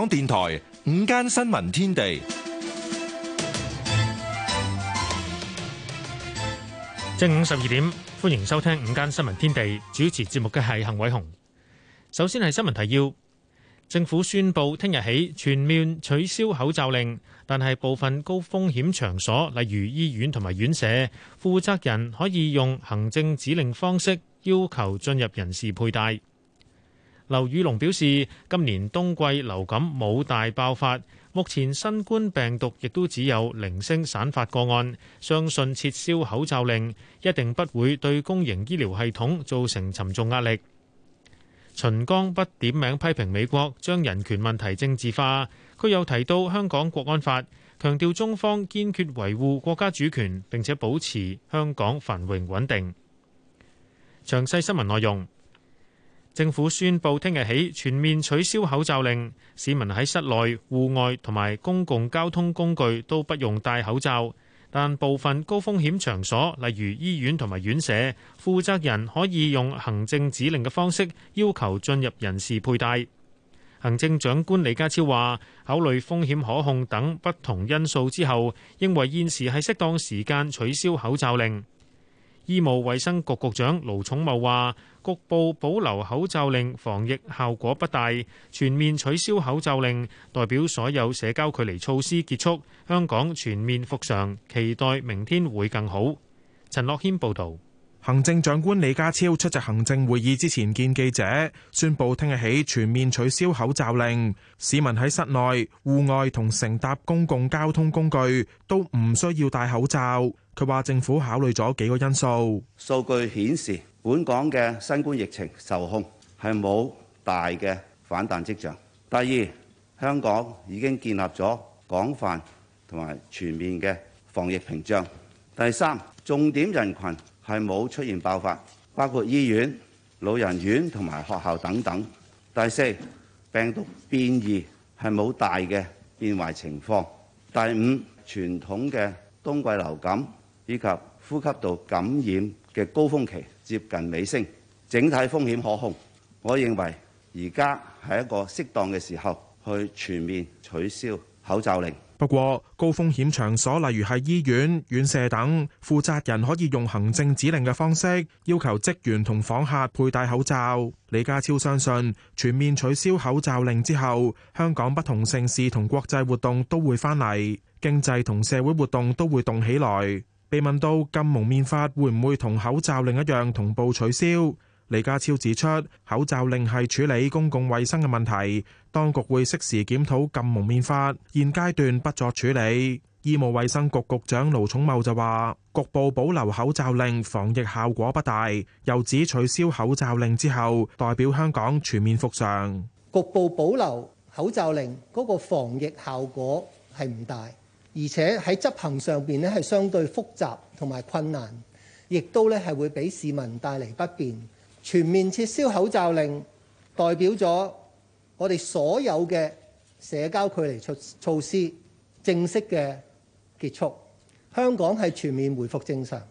香港電台午間新聞天地，正午十二點，歡迎收聽午間新聞天地。主持節目嘅係幸偉雄。首先係新聞提要：政府宣布聽日起全面取消口罩令，但係部分高風險場所，例如醫院同埋院舍，負責人可以用行政指令方式要求進入人士佩戴。劉宇龍表示，今年冬季流感冇大爆發，目前新冠病毒亦都只有零星散發個案，相信撤銷口罩令一定不會對公營醫療系統造成沉重壓力。秦剛不點名批評美國將人權問題政治化，佢又提到香港國安法，強調中方堅決維護國家主權，並且保持香港繁榮穩定。詳細新聞內容。政府宣布，聽日起全面取消口罩令，市民喺室內、戶外同埋公共交通工具都不用戴口罩。但部分高風險場所，例如醫院同埋院舍，負責人可以用行政指令嘅方式要求進入人士佩戴。行政長官李家超話：考慮風險可控等不同因素之後，認為現時係適當時間取消口罩令。醫務衛生局局長盧寵茂話，局部保留口罩令防疫效果不大，全面取消口罩令，代表所有社交距離措施結束，香港全面復常，期待明天會更好。陳樂謙報道。行政長官李家超出席行政會議之前見記者，宣布聽日起全面取消口罩令，市民喺室內、戶外同乘搭公共交通工具都唔需要戴口罩。佢話：政府考慮咗幾個因素。數據顯示，本港嘅新冠疫情受控，係冇大嘅反彈跡象。第二，香港已經建立咗廣泛同埋全面嘅防疫屏障。第三，重點人群係冇出現爆發，包括醫院、老人院同埋學校等等。第四，病毒變異係冇大嘅變壞情況。第五，傳統嘅冬季流感，以及呼吸道感染嘅高峰期接近尾聲，整體風險可控。我認為而家係一個適當嘅時候去全面取消口罩令。不過，高風險場所，例如係醫院、院舍等，負責人可以用行政指令嘅方式要求職員同訪客佩戴口罩。李家超相信全面取消口罩令之後，香港不同城市同國際活動都會翻嚟，經濟同社會活動都會動起來。被問到禁蒙面法會唔會同口罩令一樣同步取消，李家超指出口罩令係處理公共衛生嘅問題，當局會適時檢討禁蒙面法，現階段不作處理。醫務衛生局局長盧寵茂就話：局部保留口罩令防疫效果不大，又指取消口罩令之後代表香港全面復常。局部保留口罩令嗰個防疫效果係唔大。而且喺執行上邊咧係相對複雜同埋困難，亦都咧係會俾市民帶嚟不便。全面撤銷口罩令，代表咗我哋所有嘅社交距離措措施正式嘅結束。香港係全面回復正常，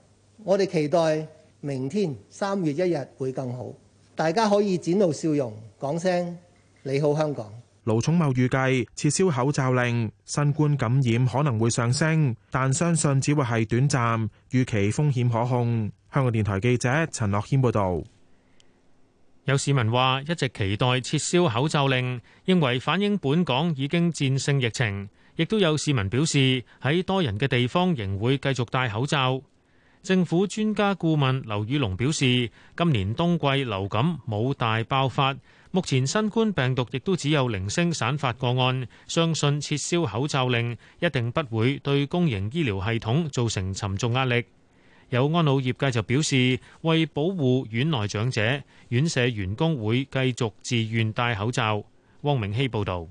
我哋期待明天三月一日會更好。大家可以展露笑容，講聲你好香港。盧寵茂預計撤銷口罩令，新冠感染可能會上升，但相信只會係短暫，預期風險可控。香港電台記者陳樂謙報道。有市民話一直期待撤銷口罩令，認為反映本港已經戰勝疫情。亦都有市民表示喺多人嘅地方仍會繼續戴口罩。政府專家顧問劉宇龍表示，今年冬季流感冇大爆發，目前新冠病毒亦都只有零星散發個案，相信撤銷口罩令一定不會對公營醫療系統造成沉重壓力。有安老業界就表示，為保護院內長者，院舍員工會繼續自願戴口罩。汪明希報導。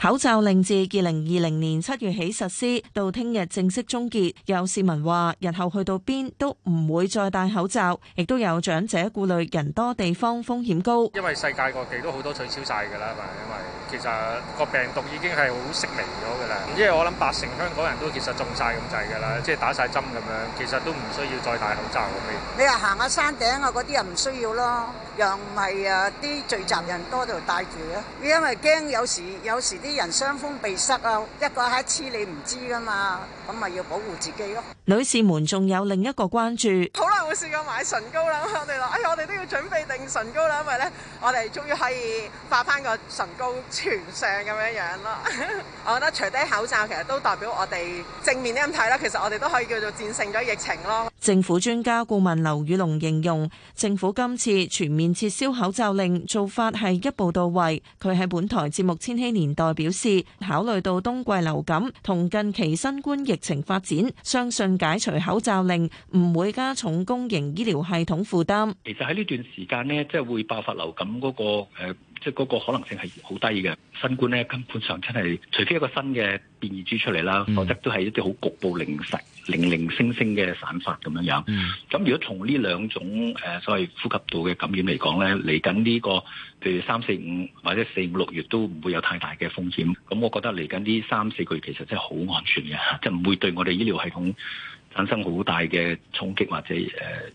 口罩令自2020年7月起實施，到聽日正式終結。有市民話日後去到邊都唔會再戴口罩，亦都有長者顧慮人多地方風險高。因為世界各地都好多取消晒噶啦，咪因為其實個病毒已經係好式微咗噶啦。因為我諗八成香港人都其實中晒咁滯噶啦，即係打晒針咁樣，其實都唔需要再戴口罩咁樣。你話行下山頂啊，嗰啲人唔需要咯，又唔係啊啲聚集人多就戴住啊。你因為驚有時有。時啲人傷風鼻塞啊，一個喺黐你唔知㗎嘛，咁咪要保護自己咯。女士們仲有另一個關注，好耐冇試過買唇膏啦，我哋話：哎呀，我哋都要準備定唇膏啦，因為咧，我哋終於可以化翻個唇膏全上咁樣樣咯。 我覺得除低口罩其實都代表我哋正面啲咁睇啦，其實我哋都可以叫做戰勝咗疫情咯。政府專家顧問劉宇龍形容，政府今次全面撤銷口罩令做法係一步到位。佢喺本台節目《千禧年代》表示，考慮到冬季流感同近期新冠疫情發展，相信解除口罩令唔會加重公營醫療系統負擔。其實喺呢段時間呢，即係會爆發流感嗰個誒即係嗰個可能性係好低嘅，新冠咧根本上真係除非一個新嘅變異株出嚟啦，否則、mm. 都係一啲好局部零散、零零星星嘅散發咁樣樣。咁、mm. 如果從呢兩種誒、呃、所謂呼吸道嘅感染嚟講咧，嚟緊呢個譬如三四五或者四五六月都唔會有太大嘅風險。咁我覺得嚟緊呢三四個月其實真係好安全嘅，即係唔會對我哋醫療系統產生好大嘅衝擊或者誒，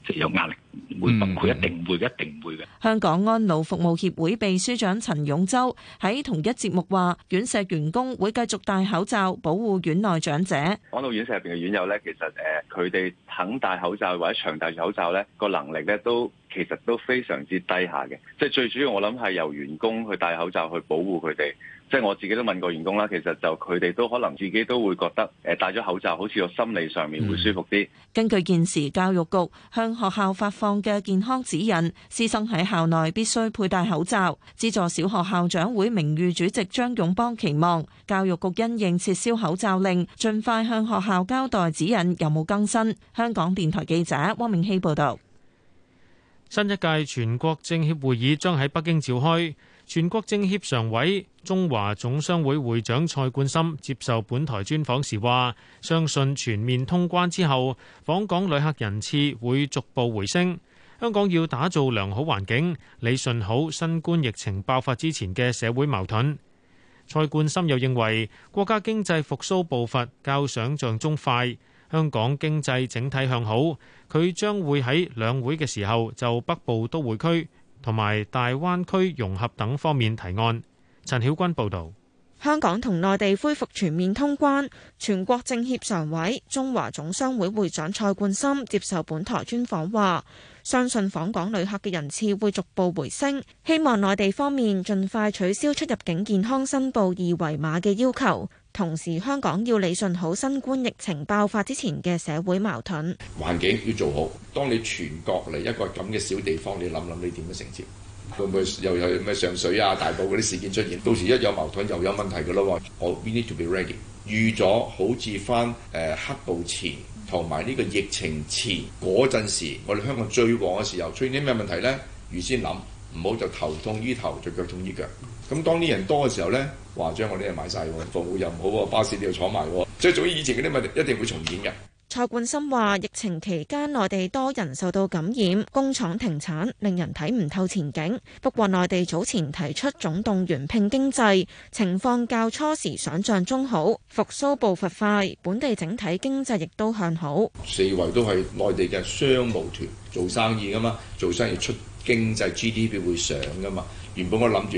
即係有壓力，會，崩潰，佢一定會，一定會嘅。會香港安老服務協會秘書長陳勇洲喺同一節目話，院舍員工會繼續戴口罩，保護院內長者。講到院舍入邊嘅院友咧，其實誒，佢哋肯戴口罩或者長戴口罩咧，個能力咧都其實都非常之低下嘅。即係最主要，我諗係由員工去戴口罩去保護佢哋。即我自己都問過員工啦，其實就佢哋都可能自己都會覺得誒戴咗口罩，好似個心理上面會舒服啲。根據現時教育局向學校發放嘅健康指引，師生喺校內必須佩戴口罩。資助小學校長會名譽主席張勇邦期望教育局因應認撤銷口罩令，盡快向學校交代指引有冇更新。香港電台記者汪明希報道。新一屆全國政協會議將喺北京召開。全國政協常委、中華總商會會長蔡冠深接受本台專訪時話：相信全面通關之後，訪港旅客人次會逐步回升。香港要打造良好環境，理順好新冠疫情爆發之前嘅社會矛盾。蔡冠深又認為，國家經濟復蘇步伐較想象中快，香港經濟整體向好。佢將會喺兩會嘅時候就北部都會區。同埋大灣區融合等方面提案。陳曉君報導，香港同內地恢復全面通關。全國政協常委、中華總商會會長蔡冠深接受本台專訪話：相信訪港旅客嘅人次會逐步回升，希望內地方面盡快取消出入境健康申報二維碼嘅要求。同時，香港要理順好新冠疫情爆發之前嘅社會矛盾環境要做好。當你全國嚟一個咁嘅小地方，你諗諗你點樣承接，會唔會又有咩上水啊、大埔嗰啲事件出現？到時一有矛盾又有問題噶咯喎。我、oh, we need to be ready，預咗好似返誒黑暴前同埋呢個疫情前嗰陣時，我哋香港最旺嘅時候出現啲咩問題咧？預先諗，唔好就頭痛醫頭，就腳痛醫腳。咁當啲人多嘅時候咧，話將我啲嘢賣晒，服務又唔好喎，巴士要坐埋喎，即係早以前嗰啲咪一定會重演嘅。蔡冠森話：疫情期間內地多人受到感染，工廠停產，令人睇唔透前景。不過內地早前提出總動員拼經濟，情況較初時想像中好，復甦步伐快，本地整體經濟亦都向好。四圍都係內地嘅商務團做生意㗎嘛，做生意出經濟 G D P 會上㗎嘛。原本我諗住。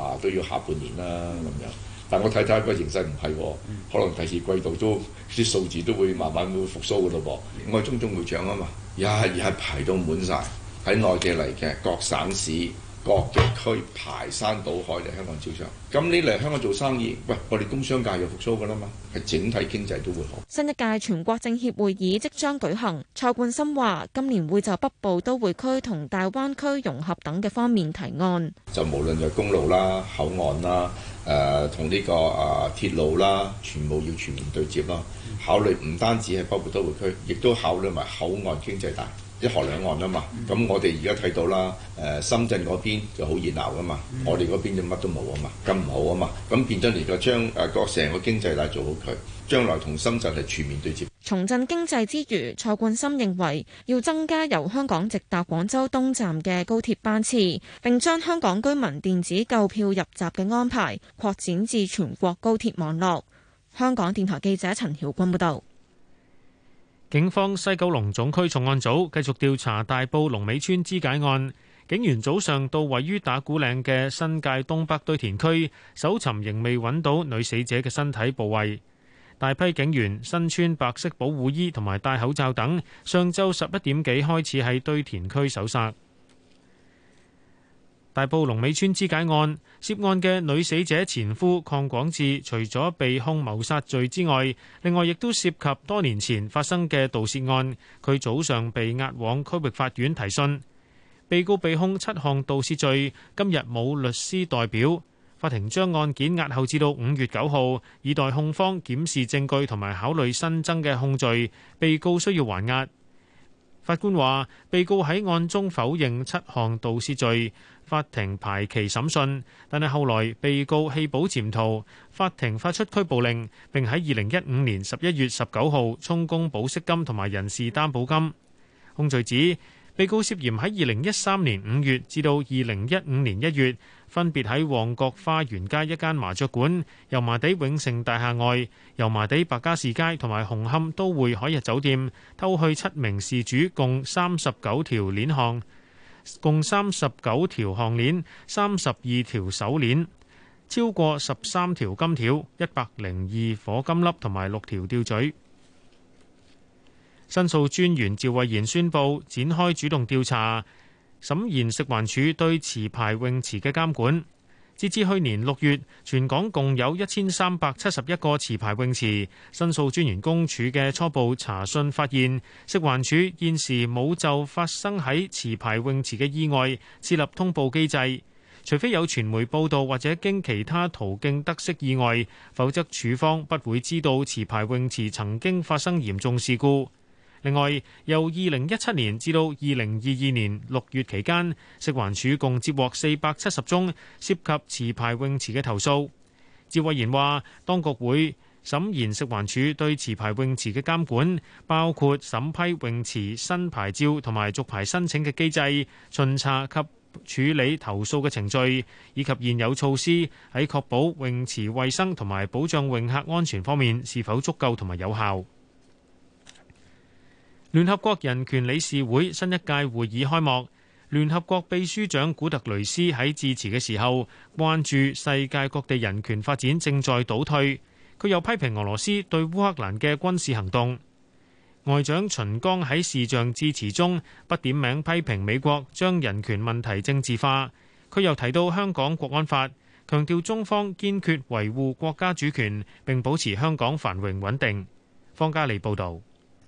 話都要下半年啦咁樣，但我睇睇個形勢唔係喎，可能第二季度都啲數字都會慢慢會復甦嘅咯噃，我係中中會漲啊嘛，而日日排到滿晒，喺內地嚟嘅各省市，各嘅區排山倒海嚟香港招商，咁你嚟香港做生意，喂，我哋工商界又復甦㗎啦嘛，係整體經濟都會好。新一屆全國政協會議即將舉行，蔡冠深話今年會就北部都會區同大灣區融合等嘅方面提案，就無論就公路啦、口岸啦、誒同呢個誒、啊、鐵路啦，全部要全面對接咯，考慮唔單止係北部都會區，亦都考慮埋口岸經濟帶。一河兩岸啊嘛，咁我哋而家睇到啦。誒，深圳嗰邊就好熱鬧啊嘛，我哋嗰邊就乜都冇啊嘛，咁唔好啊嘛，咁變咗而家將誒個成個經濟帶做好佢，將來同深圳係全面對接。重振經濟之餘，蔡冠森認為要增加由香港直達廣州東站嘅高鐵班次，並將香港居民電子購票入閘嘅安排擴展至全國高鐵網絡。香港電台記者陳曉君報道。警方西九龍總區重案組繼續調查大埔龍尾村肢解案，警員早上到位於打鼓嶺嘅新界東北堆填區搜尋，仍未揾到女死者嘅身體部位。大批警員身穿白色保護衣同埋戴口罩等，上晝十一點幾開始喺堆填區搜查。大埔龍尾村肢解案，涉案嘅女死者前夫鄺廣志，除咗被控謀殺罪之外，另外亦都涉及多年前發生嘅盜竊案。佢早上被押往區域法院提訊，被告被控七項盜竊罪。今日冇律師代表，法庭將案件押後至到五月九號，以待控方檢視證據同埋考慮新增嘅控罪。被告需要還押。法官話：被告喺案中否認七項盜竊罪，法庭排期審訊。但係後來被告棄保潛逃，法庭發出拘捕令，並喺二零一五年十一月十九號充公保釋金同埋人事擔保金。控罪指被告涉嫌喺二零一三年五月至到二零一五年一月，分別喺旺角花園街一間麻雀館、油麻地永盛大廈外、油麻地白加士街同埋紅磡都會海逸酒店偷去七名事主共三十九條鏈項，共三十九條項鏈、三十二條手鏈、超過十三條金條、一百零二火金粒同埋六條吊墜。申訴專員趙慧賢宣布展開主動調查。審研食環署對持牌泳池嘅監管。截至去年六月，全港共有一千三百七十一個持牌泳池。申訴專員公署嘅初步查詢發現，食環署現時冇就發生喺持牌泳池嘅意外設立通報機制。除非有傳媒報道或者經其他途徑得悉意外，否則署方不會知道持牌泳池曾經發生嚴重事故。另外，由二零一七年至到二零二二年六月期間，食環署共接獲四百七十宗涉及持牌泳池嘅投訴。趙慧賢話：當局會審研食環署對持牌泳池嘅監管，包括審批泳池新牌照同埋續牌申請嘅機制、巡查及處理投訴嘅程序，以及現有措施喺確保泳池衛生同埋保障泳客安全方面是否足夠同埋有效。聯合國人權理事會新一屆會議開幕，聯合國秘書長古特雷斯喺致辭嘅時候，關注世界各地人權發展正在倒退。佢又批評俄羅斯對烏克蘭嘅軍事行動。外長秦剛喺視像致辭中，不點名批評美國將人權問題政治化。佢又提到香港國安法，強調中方堅決維護國家主權並保持香港繁榮穩定。方嘉利報導。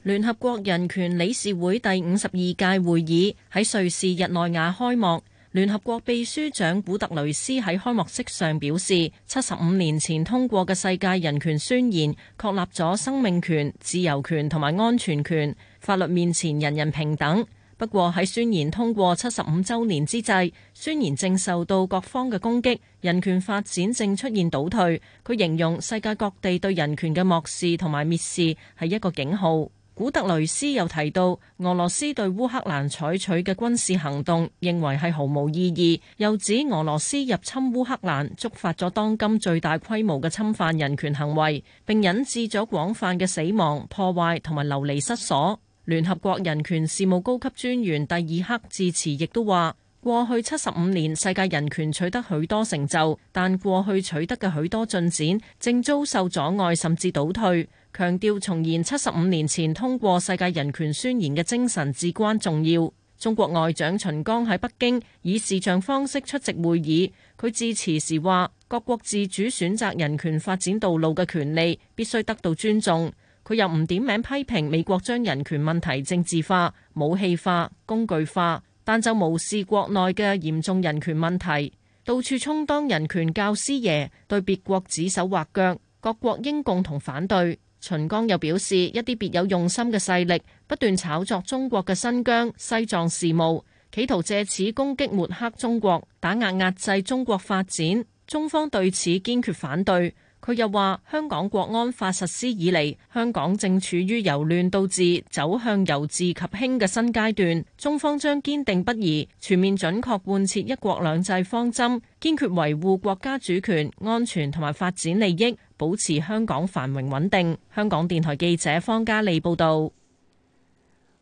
聯合國人權理事會第五十二屆會議喺瑞士日內瓦開幕。聯合國秘書長古特雷斯喺開幕式上表示，七十五年前通過嘅《世界人權宣言》確立咗生命權、自由權同埋安全權，法律面前人人平等。不過喺宣言通過七十五週年之際，宣言正受到各方嘅攻擊，人權發展正出現倒退。佢形容世界各地對人權嘅漠視同埋蔑視係一個警號。古特雷斯又提到，俄羅斯對烏克蘭採取嘅軍事行動，認為係毫無意義，又指俄羅斯入侵烏克蘭觸發咗當今最大規模嘅侵犯人權行為，並引致咗廣泛嘅死亡、破壞同埋流離失所。聯合國人權事務高級專員蒂爾克致辭亦都話，過去七十五年，世界人權取得許多成就，但過去取得嘅許多進展，正遭受阻礙甚至倒退。強調重現七十五年前通過世界人權宣言嘅精神至關重要。中國外長秦剛喺北京以視像方式出席會議，佢致辭時話：各國自主選擇人權發展道路嘅權利必須得到尊重。佢又唔點名批評美國將人權問題政治化、武器化、工具化，但就無視國內嘅嚴重人權問題，到處充當人權教師爺，對別國指手畫腳。各國應共同反對。秦剛又表示，一啲別有用心嘅勢力不斷炒作中國嘅新疆、西藏事務，企圖借此攻擊抹黑中國打壓、壓制中國發展。中方對此堅決反對，佢又話香港國安法實施以嚟，香港正處於由亂到治、走向由治及興嘅新階段。中方將堅定不移全面準確貫徹一國兩制方針，堅決維護國家主權安全同埋發展利益。保持香港繁榮穩定。香港電台記者方嘉莉報道。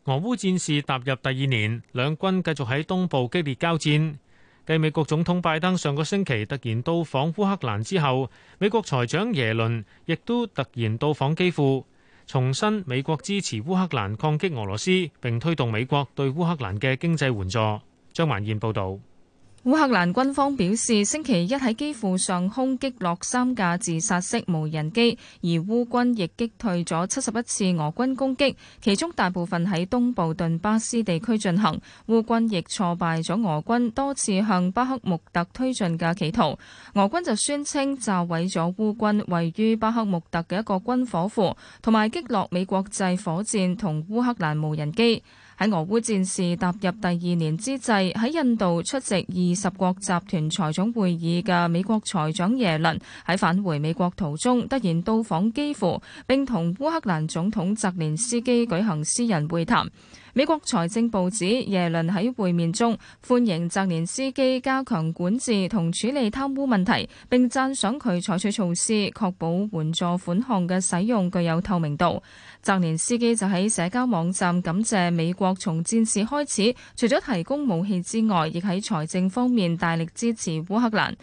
俄烏戰事踏入第二年，兩軍繼續喺東部激烈交戰。繼美國總統拜登上個星期突然到訪烏克蘭之後，美國財長耶倫亦都突然到訪基輔，重申美國支持烏克蘭抗擊俄羅斯，並推動美國對烏克蘭嘅經濟援助。張曼燕報導。烏克蘭軍方表示，星期一喺基輔上空擊落三架自殺式無人機，而烏軍亦擊退咗七十一次俄軍攻擊，其中大部分喺東部頓巴斯地區進行。烏軍亦挫敗咗俄軍多次向巴克穆特推進嘅企圖。俄軍就宣稱炸毀咗烏軍位於巴克穆特嘅一個軍火庫，同埋擊落美國製火箭同烏克蘭無人機。喺俄烏戰事踏入第二年之際，喺印度出席二十國集團財長會議嘅美國財長耶倫喺返回美國途中，突然到訪基輔，並同烏克蘭總統澤連斯基舉行私人會談。美國財政部指，耶倫喺會面中歡迎澤連斯基加強管治同處理貪污問題，並讚賞佢採取措施確保援助款項嘅使用具有透明度。澤連斯基就喺社交網站感謝美國從戰事開始，除咗提供武器之外，亦喺財政方面大力支持烏克蘭。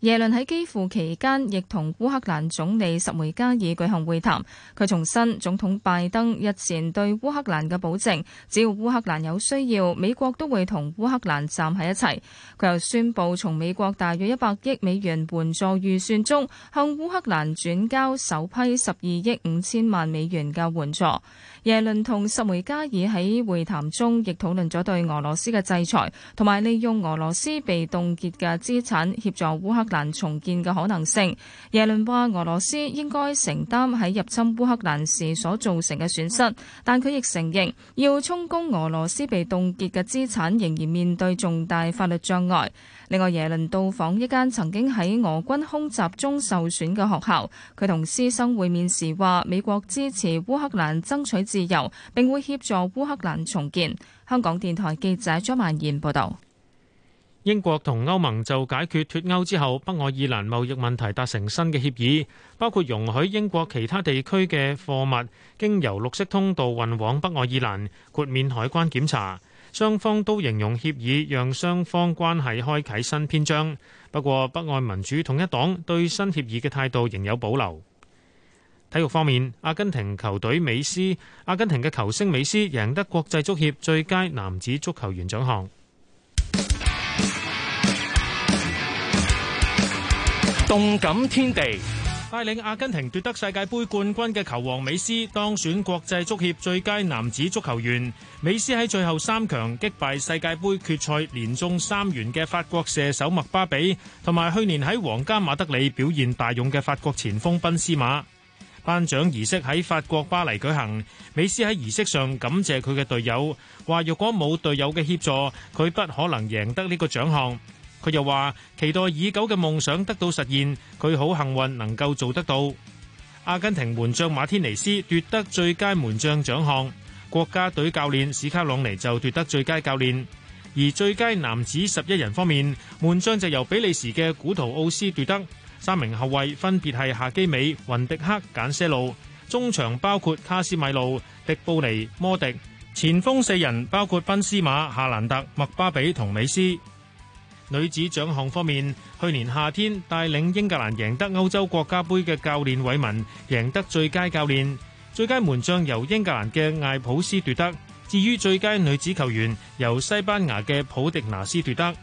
耶倫喺基輔期間亦同烏克蘭總理什梅加爾舉行會談。佢重申總統拜登日前對烏克蘭嘅保證，只要烏克蘭有需要，美國都會同烏克蘭站喺一齊。佢又宣布從美國大約一百億美元援助預算中，向烏克蘭轉交首批十二億五千萬美元嘅援助。耶倫同什梅加爾喺會談中亦討論咗對俄羅斯嘅制裁，同埋利用俄羅斯被凍結嘅資產協助烏克蘭重建嘅可能性。耶倫話俄羅斯應該承擔喺入侵烏克蘭時所造成嘅損失，但佢亦承認要充公俄羅斯被凍結嘅資產仍然面對重大法律障礙。另外，耶倫到訪一間曾經喺俄軍空襲中受損嘅學校，佢同師生會面時話：美國支持烏克蘭爭取自由，並會協助烏克蘭重建。香港電台記者張曼燕報導。英國同歐盟就解決脱歐之後北愛爾蘭貿易問題達成新嘅協議，包括容許英國其他地區嘅貨物經由綠色通道運往北愛爾蘭，豁免海關檢查。雙方都形容協議讓雙方關係開啓新篇章，不過北愛民主統一黨對新協議嘅態度仍有保留。體育方面，阿根廷球隊美斯，阿根廷嘅球星美斯贏得國際足協最佳男子足球員獎項。動感天地。帶領阿根廷奪得世界盃冠軍嘅球王美斯當選國際足協最佳男子足球員。美斯喺最後三強擊敗世界盃決賽連中三元嘅法國射手麥巴比，同埋去年喺皇家馬德里表現大勇嘅法國前鋒賓斯馬。頒獎儀式喺法國巴黎舉行，美斯喺儀式上感謝佢嘅隊友，話若果冇隊友嘅協助，佢不可能贏得呢個獎項。佢又話：期待已久嘅夢想得到實現，佢好幸運能夠做得到。阿根廷門將馬天尼斯奪得最佳門將獎項，國家隊教練史卡朗尼就奪得最佳教練。而最佳男子十一人方面，門將就由比利時嘅古圖奧斯奪得。三名後衞分別係夏基美、雲迪克、簡些路。中場包括卡斯米路、迪布尼、摩迪。前鋒四人包括賓斯馬、夏蘭特、麥巴比同美斯。女子獎項方面，去年夏天帶領英格蘭贏得歐洲國家杯嘅教練偉民贏得最佳教練；最佳門將由英格蘭嘅艾普斯奪得。至於最佳女子球員，由西班牙嘅普迪拿斯奪得。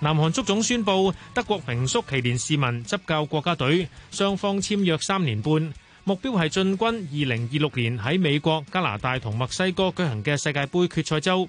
南韓足總宣布，德國名宿奇連士文執教國家隊，雙方簽約三年半，目標係進軍二零二六年喺美國、加拿大同墨西哥舉行嘅世界杯決賽周。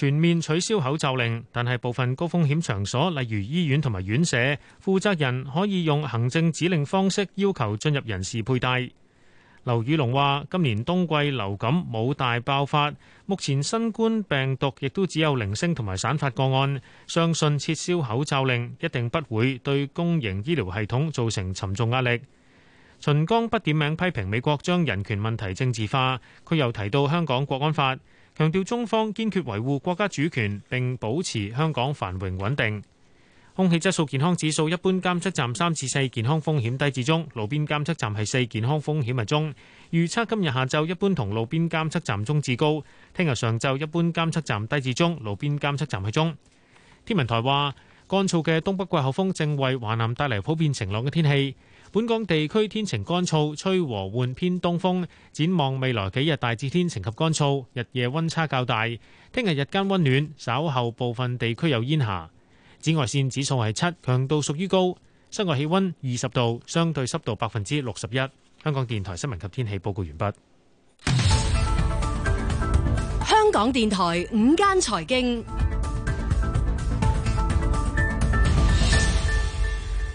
全面取消口罩令，但係部分高風險場所，例如醫院同埋院舍，負責人可以用行政指令方式要求進入人士佩戴。劉宇龍話，今年冬季流感冇大爆發，目前新冠病毒亦都只有零星同埋散發個案，相信撤銷口罩令一定不會對公營醫療系統造成沉重壓力。秦剛不點名批評美國將人權問題政治化，佢又提到香港國安法。強調中方堅決維護國家主權，並保持香港繁榮穩定。空氣質素健康指數一般監測站三至四，健康風險低至中；路邊監測站係四，健康風險係中。預測今日下晝一般同路邊監測站中至高，聽日上晝一般監測站低至中，路邊監測站係中。天文台話，乾燥嘅東北季候風正為華南帶嚟普遍晴朗嘅天氣。本港地區天晴乾燥，吹和緩偏東風。展望未來幾日大致天晴及乾燥，日夜溫差較大。聽日日間溫暖，稍後部分地區有煙霞。紫外線指數係七，強度屬於高。室外氣溫二十度，相對濕度百分之六十一。香港電台新聞及天氣報告完畢。香港電台午間財經。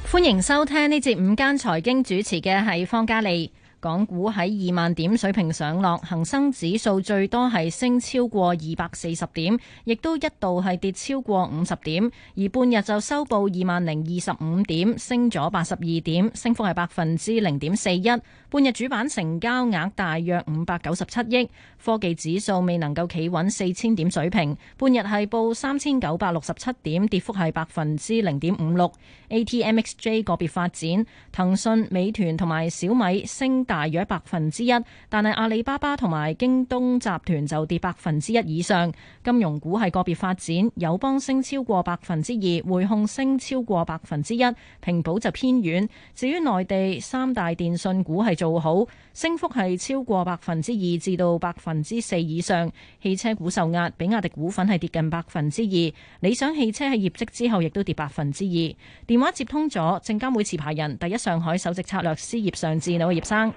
歡迎收聽呢節午間財經，主持嘅係方嘉利。港股喺二萬點水平上落，恒生指數最多係升超過二百四十點，亦都一度係跌超過五十點，而半日就收報二萬零二十五點，升咗八十二點，升幅係百分之零點四一。半日主板成交額大約五百九十七億。科技指數未能夠企穩四千點水平，半日係報三千九百六十七點，跌幅係百分之零點五六。ATMXJ 個別發展，騰訊、美團同埋小米升。大約百分之一，但係阿里巴巴同埋京東集團就跌百分之一以上。金融股係個別發展，友邦升超過百分之二，匯控升超過百分之一，平保就偏軟，至於內地三大電訊股係做好，升幅係超過百分之二至到百分之四以上。汽車股受壓，比亞迪股份係跌近百分之二，理想汽車喺業績之後亦都跌百分之二。電話接通咗，證監會持牌人，第一上海首席策略師葉尚志，你好，葉生。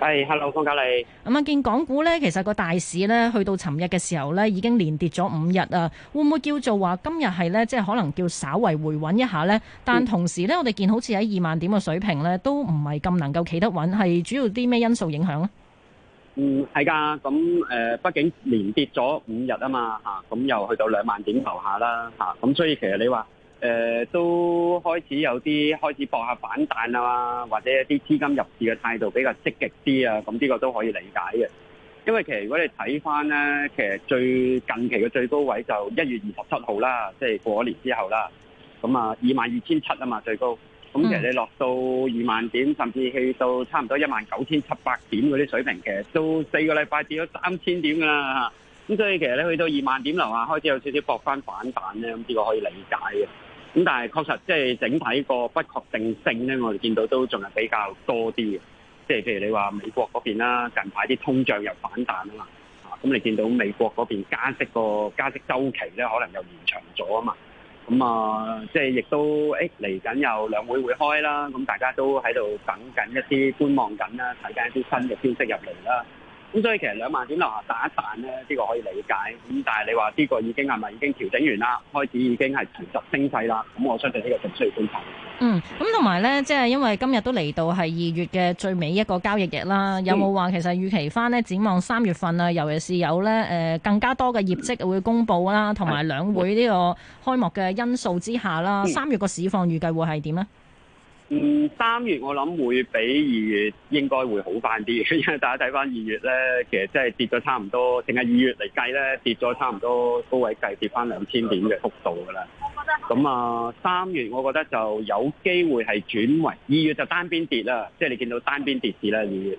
係，Hello，方嘉利。咁啊，見港股咧,其實個大市咧，去到尋日嘅時候咧，已經連跌咗五日啊，會唔會叫做話今日係咧，即係可能叫稍為回穩一下咧？但同時咧，我哋見好似喺二萬點嘅水平咧，都唔係咁能夠企得穩，係主要啲咩因素影響咧、嗯？嗯，係噶，咁誒，畢竟連跌咗五日啊嘛，吓、啊，咁又去到兩萬點樓下啦，吓、啊、咁、啊、所以其實你話。誒、呃、都開始有啲開始搏下反彈啦，或者一啲資金入市嘅態度比較積極啲啊，咁呢個都可以理解嘅。因為其實如果你睇翻咧，其實最近期嘅最高位就一月二十七號啦，即係過年之後啦，咁啊二萬二千七啊嘛最高。咁其實你落到二萬點，甚至去到差唔多一萬九千七百點嗰啲水平其實，都四個禮拜跌咗三千點啦。咁所以其實你去到二萬點樓下開始有少少搏翻反彈咧，咁呢個可以理解嘅。咁但係確實，即係整體個不確定性咧，我哋見到都仲係比較多啲嘅。即係譬如你話美國嗰邊啦，近排啲通脹又反彈啊嘛，啊咁你見到美國嗰邊加息個加息週期咧，可能又延長咗啊嘛。咁啊，即係亦都誒嚟緊有兩會會開啦，咁大家都喺度等緊一啲觀望緊啦，睇緊一啲新嘅消息入嚟啦。咁所以其實兩萬點落下彈一彈呢，呢、這個可以理解。咁但係你話呢個已經係咪已經調整完啦？開始已經係持續升勢啦。咁我相信呢個仲需要觀察。嗯，咁同埋呢，即係因為今日都嚟到係二月嘅最尾一個交易日啦。嗯、有冇話其實預期翻呢？展望三月份啊，尤其是有呢誒更加多嘅業績會公布啦，同埋兩會呢個開幕嘅因素之下啦，三、嗯、月個市況預計會係點呢？嗯，三月我諗會比二月應該會好翻啲，因為大家睇翻二月咧，其實即係跌咗差唔多，淨係二月嚟計咧，跌咗差唔多高位計跌翻兩千點嘅幅度噶啦。我覺得咁啊，三月我覺得就有機會係轉為二月就單邊跌啦，即係你見到單邊跌市啦二月。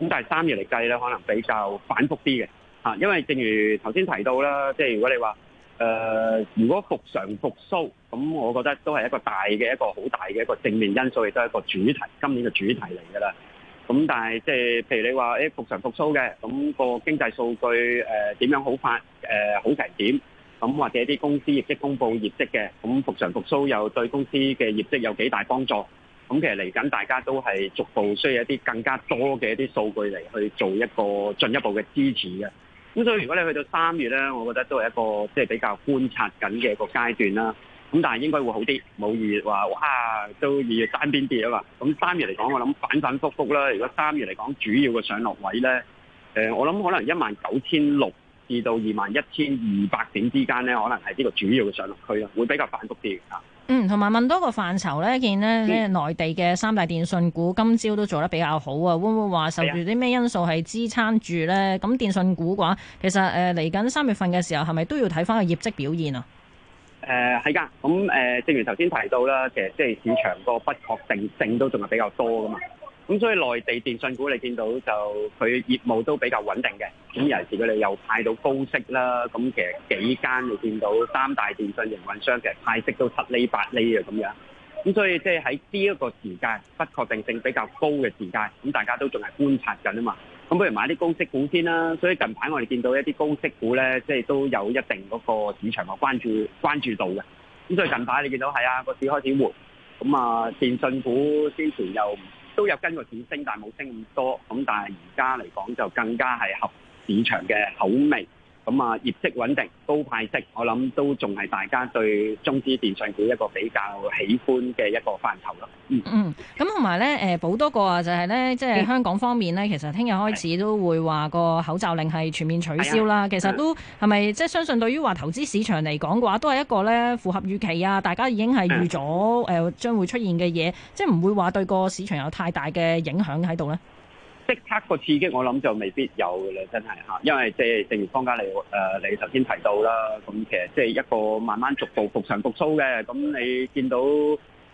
咁但係三月嚟計咧，可能比較反覆啲嘅，吓，因為正如頭先提到啦，即係如果你話。.誒、呃，如果復常復甦，咁、嗯、我覺得都係一個大嘅一個好大嘅一個正面因素，亦都係一個主題，今年嘅主題嚟㗎喇。咁、嗯、但係即係譬如你話誒、欸、復常復甦嘅，咁、嗯、個經濟數據誒點、呃、樣好快誒、呃、好危險？咁、嗯、或者啲公司業績公布業績嘅，咁、嗯、復常復甦又對公司嘅業績有幾大幫助？咁、嗯、其實嚟緊大家都係逐步需要一啲更加多嘅一啲數據嚟去做一個進一步嘅支持嘅。咁、嗯、所以如果你去到三月咧，我覺得都係一個即係比較觀察緊嘅一個階段啦。咁但係應該會好啲，冇二月話哇都二月單邊跌啊嘛。咁三月嚟講，我諗反反复复啦。如果三月嚟講，主要嘅上落位咧，誒、呃，我諗可能一萬九千六至到二萬一千二百點之間咧，可能係呢個主要嘅上落區啊，會比較反覆啲嚇。嗯，同埋問多個範疇咧，見咧，即係內地嘅三大電信股今朝都做得比較好啊，會唔會話受住啲咩因素係支撐住咧？咁電信股嘅話，其實誒嚟緊三月份嘅時候，係咪都要睇翻個業績表現啊？誒係噶，咁誒、嗯呃，正如頭先提到啦，其實即係市場個不確定性都仲係比較多噶嘛。咁所以內地電信股你見到就佢業務都比較穩定嘅，咁尤其係佢哋又派到高息啦，咁其實幾間你見到三大電信營運商嘅派息都七厘八厘嘅咁樣，咁所以即係喺呢一個時間不確定性比較高嘅時間，咁大家都仲係觀察緊啊嘛，咁不如買啲高息股先啦。所以近排我哋見到一啲高息股咧，即係都有一定嗰個市場嘅關注關注度嘅。咁所以近排你見到係啊個市開始活，咁啊電信股先前又～都有跟住點升，但係冇升咁多。咁但係而家嚟講，就更加係合市場嘅口味。咁啊，業績穩定、高派息，我諗都仲係大家對中資電信股一個比較喜歡嘅一個範疇咯。嗯嗯，咁同埋咧，誒補多個啊，就係咧，即係香港方面咧，其實聽日開始都會話個口罩令係全面取消啦。的其實都係咪即係相信對於話投資市場嚟講嘅話，都係一個咧符合預期啊，大家已經係預咗誒將會出現嘅嘢，的即係唔會話對個市場有太大嘅影響喺度咧，即刻個刺激，我諗就未必有啦，真係嚇。因為即係正如方家你誒，呃，你頭先提到啦，咁其實即係一個慢慢逐步復常復甦嘅。咁你見到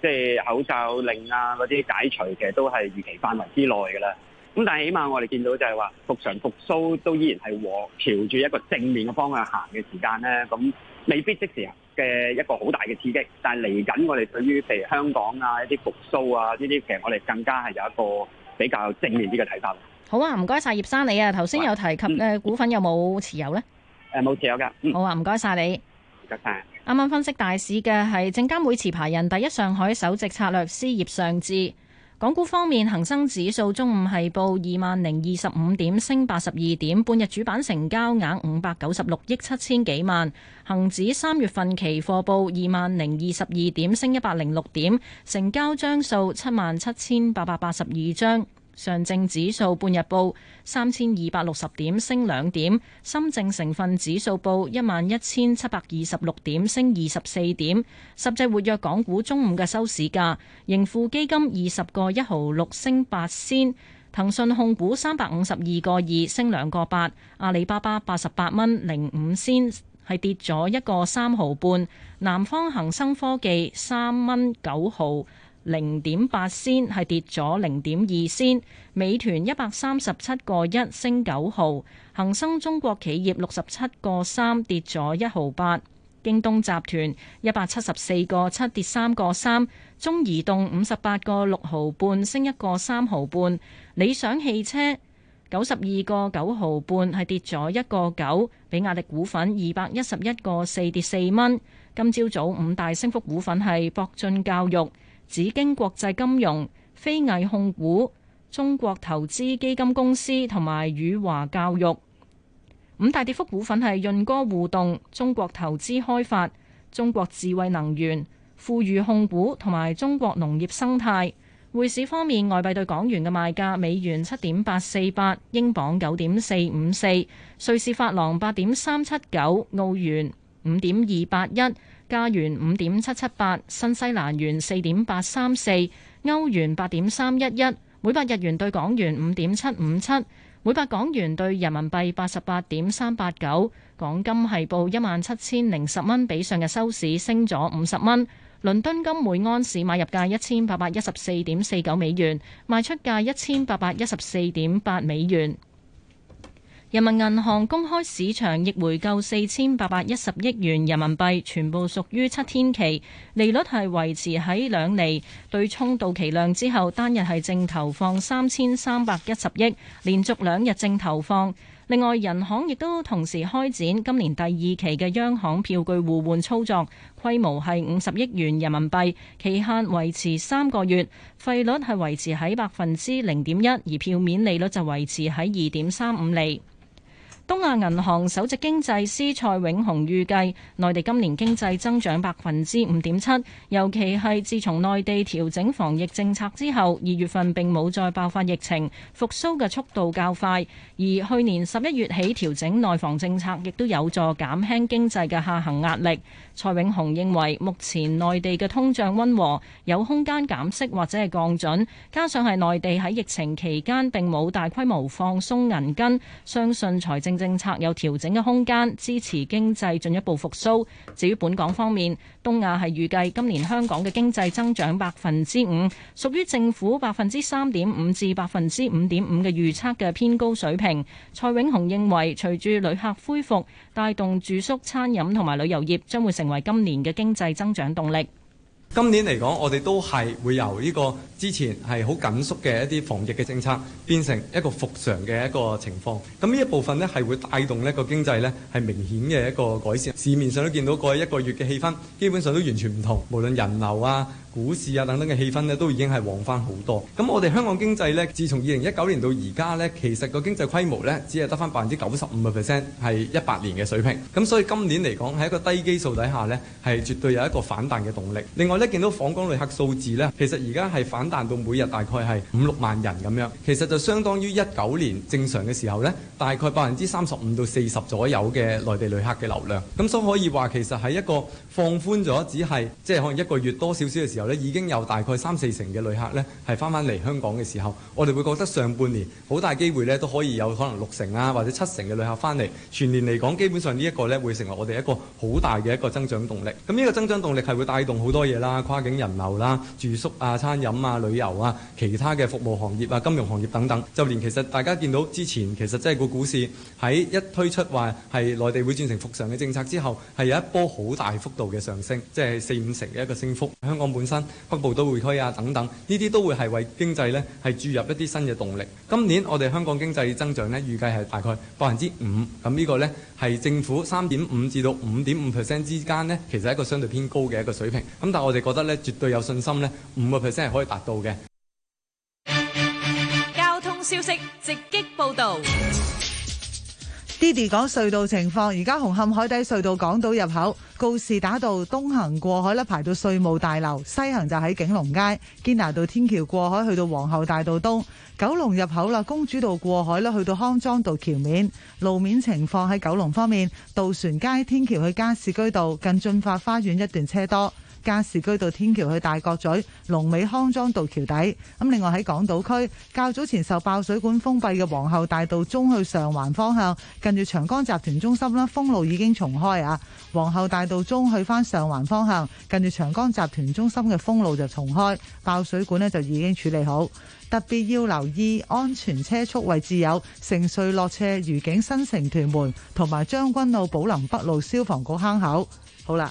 即係口罩令啊嗰啲解除，其實都係預期範圍之內㗎啦。咁但係起碼我哋見到就係話復常復甦都依然係和朝住一個正面嘅方向行嘅時間咧。咁未必即時嘅一個好大嘅刺激，但係嚟緊我哋對於譬如香港啊一啲復甦啊呢啲，其實我哋更加係有一個。比較正面啲嘅睇法。好啊，唔該晒葉生你啊，頭先有提及誒，股份有冇持有呢？誒、嗯，冇持有噶。好啊，唔該晒你。唔該晒。啱啱分析大市嘅係證監會持牌人第一上海首席策略師葉尚志。港股方面，恒生指數中午係報二萬零二十五點，升八十二點，半日主板成交額五百九十六億七千幾萬。恒指三月份期貨報二萬零二十二點，升一百零六點，成交張數七萬七千八百八十二張。上證指數半日報三千二百六十點升兩點，深證成分指數報一萬一千七百二十六點升二十四點。十隻活躍港股中午嘅收市價，盈富基金二十個一毫六升八仙，騰訊控股三百五十二個二升兩個八，阿里巴巴八十八蚊零五仙，係跌咗一個三毫半，南方恒生科技三蚊九毫。零點八仙係跌咗零點二仙。美團一百三十七個一升九毫，恒生中國企業六十七個三跌咗一毫八。京東集團一百七十四個七跌三個三。中移動五十八個六毫半升一個三毫半。理想汽車九十二個九毫半係跌咗一個九。比亞迪股份二百一十一個四跌四蚊。今朝早，早五大升幅股份係博進教育、紫荊國際金融、非毅控股、中國投資基金公司同埋宇華教育。五大跌幅股份係潤歌互動、中國投資開發、中國智慧能源、富裕控股同埋中國農業生態。匯市方面，外幣對港元嘅賣價：美元七點八四八，英鎊九點四五四，瑞士法郎八點三七九，澳元五點二八一。加元五點七七八，8, 新西蘭元四點八三四，歐元八點三一一，每百日元對港元五點七五七，每百港元對人民幣八十八點三八九，港金係報一萬七千零十蚊，比上日收市升咗五十蚊。倫敦金每安士買入價一千八百一十四點四九美元，賣出價一千八百一十四點八美元。人民銀行公開市場亦回購四千八百一十億元人民幣，全部屬於七天期，利率係維持喺兩厘，對沖到期量之後，單日係淨投放三千三百一十億，連續兩日淨投放。另外，人行亦都同時開展今年第二期嘅央行票據互換操作，規模係五十億元人民幣，期限維持三個月，費率係維持喺百分之零點一，而票面利率就維持喺二點三五厘。東亞銀行首席經濟師蔡永雄預計，內地今年經濟增長百分之五點七，尤其係自從內地調整防疫政策之後，二月份並冇再爆發疫情，復蘇嘅速度較快。而去年十一月起調整內防政策，亦都有助減輕經濟嘅下行壓力。蔡永雄認為，目前內地嘅通脹溫和，有空間減息或者係降準，加上係內地喺疫情期間並冇大規模放鬆銀根，相信財政。政策有調整嘅空間，支持經濟進一步復甦。至於本港方面，東亞係預計今年香港嘅經濟增長百分之五，屬於政府百分之三點五至百分之五點五嘅預測嘅偏高水平。蔡永雄認為，隨住旅客恢復，帶動住宿、餐飲同埋旅遊業，將會成為今年嘅經濟增長動力。今年嚟講，我哋都係會由呢個之前係好緊縮嘅一啲防疫嘅政策，變成一個復常嘅一個情況。咁呢一部分呢係會帶動呢個經濟呢係明顯嘅一個改善。市面上都見到過去一個月嘅氣氛，基本上都完全唔同，無論人流啊，股市啊等等嘅氣氛咧，都已經係旺翻好多。咁我哋香港經濟咧，自從二零一九年到而家咧，其實個經濟規模咧，只係得翻百分之九十五嘅 percent 係一八年嘅水平。咁所以今年嚟講喺一個低基數底下咧，係絕對有一個反彈嘅動力。另外咧，見到訪港旅客數字咧，其實而家係反彈到每日大概係五六萬人咁樣，其實就相當於一九年正常嘅時候咧，大概百分之三十五到四十左右嘅內地旅客嘅流量。咁所以可以話，其實喺一個放寬咗，只係即係可能一個月多少少嘅時候。已經有大概三四成嘅旅客呢，係翻返嚟香港嘅時候，我哋會覺得上半年好大機會呢，都可以有可能六成啊，或者七成嘅旅客翻嚟。全年嚟講，基本上呢一個呢會成為我哋一個好大嘅一個增長動力。咁呢個增長動力係會帶動好多嘢啦，跨境人流啦、住宿啊、餐飲啊、旅遊啊、其他嘅服務行業啊、金融行業等等。就連其實大家見到之前其實即係個股市喺一推出話係內地會轉成復常嘅政策之後，係有一波好大幅度嘅上升，即係四五成嘅一個升幅。香港本身。北部都會區啊等等，呢啲都會係為經濟呢係注入一啲新嘅動力。今年我哋香港經濟增長呢預計係大概百分之五，咁呢個呢係政府三點五至到五點五 percent 之間呢，其實係一個相對偏高嘅一個水平。咁但係我哋覺得呢，絕對有信心呢五個 percent 係可以達到嘅。交通消息直擊報導。d i d 講隧道情況，而家紅磡海底隧道港島入口告士打道東行過海咧，排到稅務大樓；西行就喺景隆街堅拿道天橋過海，去到皇后大道東九龍入口啦。公主道過海啦，去到康莊道橋面路面情況喺九龍方面，渡船街天橋去加士居道近駿發花園一段車多。加士居道天橋去大角咀、龍尾康莊道橋底。咁另外喺港島區，較早前受爆水管封閉嘅皇后大道中去上環方向，近住長江集團中心啦，封路已經重開啊。皇后大道中去返上環方向，近住長江集團中心嘅封路就重開，爆水管呢就已經處理好。特別要留意安全車速位置，有城隧落斜、愉景新城、屯門同埋將軍澳寶林北路消防局坑口。好啦。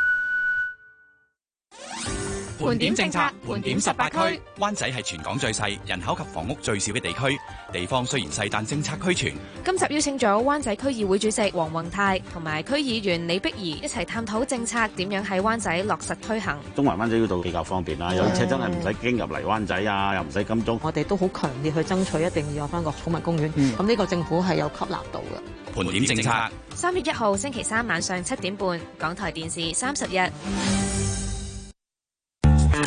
盤點政策，盤點十八區，灣仔係全港最細、人口及房屋最少嘅地區。地方雖然細，但政策俱全。今集邀請咗灣仔區議會主席黃宏泰同埋區議員李碧儀一齊探討政策點樣喺灣仔落實推行。中環灣仔呢度比較方便啦，是有車真係唔使經入嚟灣仔啊，又唔使咁鐘。我哋都好強烈去爭取，一定要有翻個寵物公園。咁呢、嗯、個政府係有吸納到嘅。盤點政策。三月一號星期三晚上七點半，港台電視三十日。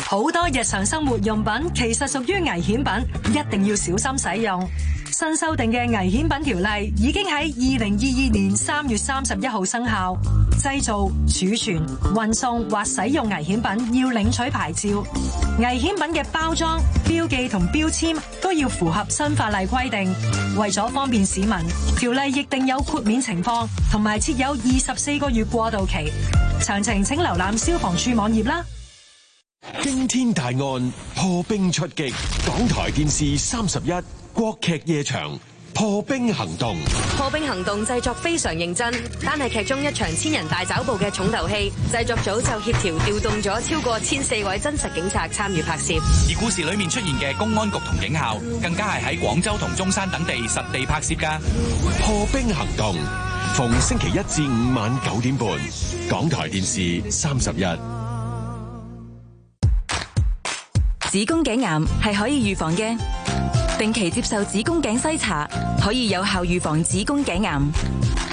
好多日常生活用品其實屬於危險品一定要小心使用新修訂嘅危險品條例已經喺2022年3月31號生效製造儲存運送或使用危險品要領取牌照危險品嘅包裝標記同標籤都要符合新法例規定為咗方便市民條例亦定有豁免情況同埋設有24個月過渡期詳情請瀏覽消防處網頁啦驚天大案破冰出擊，港台電視三十一國劇夜場破冰行動。破冰行動製作非常認真，單係劇中一場千人大抓捕嘅重頭戲，製作組就協調調動咗超過千四位真實警察參與拍攝。而故事裏面出現嘅公安局同警校，更加係喺廣州同中山等地實地拍攝㗎。破冰行動，逢星期一至五晚九點半，港台電視三十一。子宮頸癌係可以預防嘅，定期接受子宮頸篩查，可以有效預防子宮頸癌。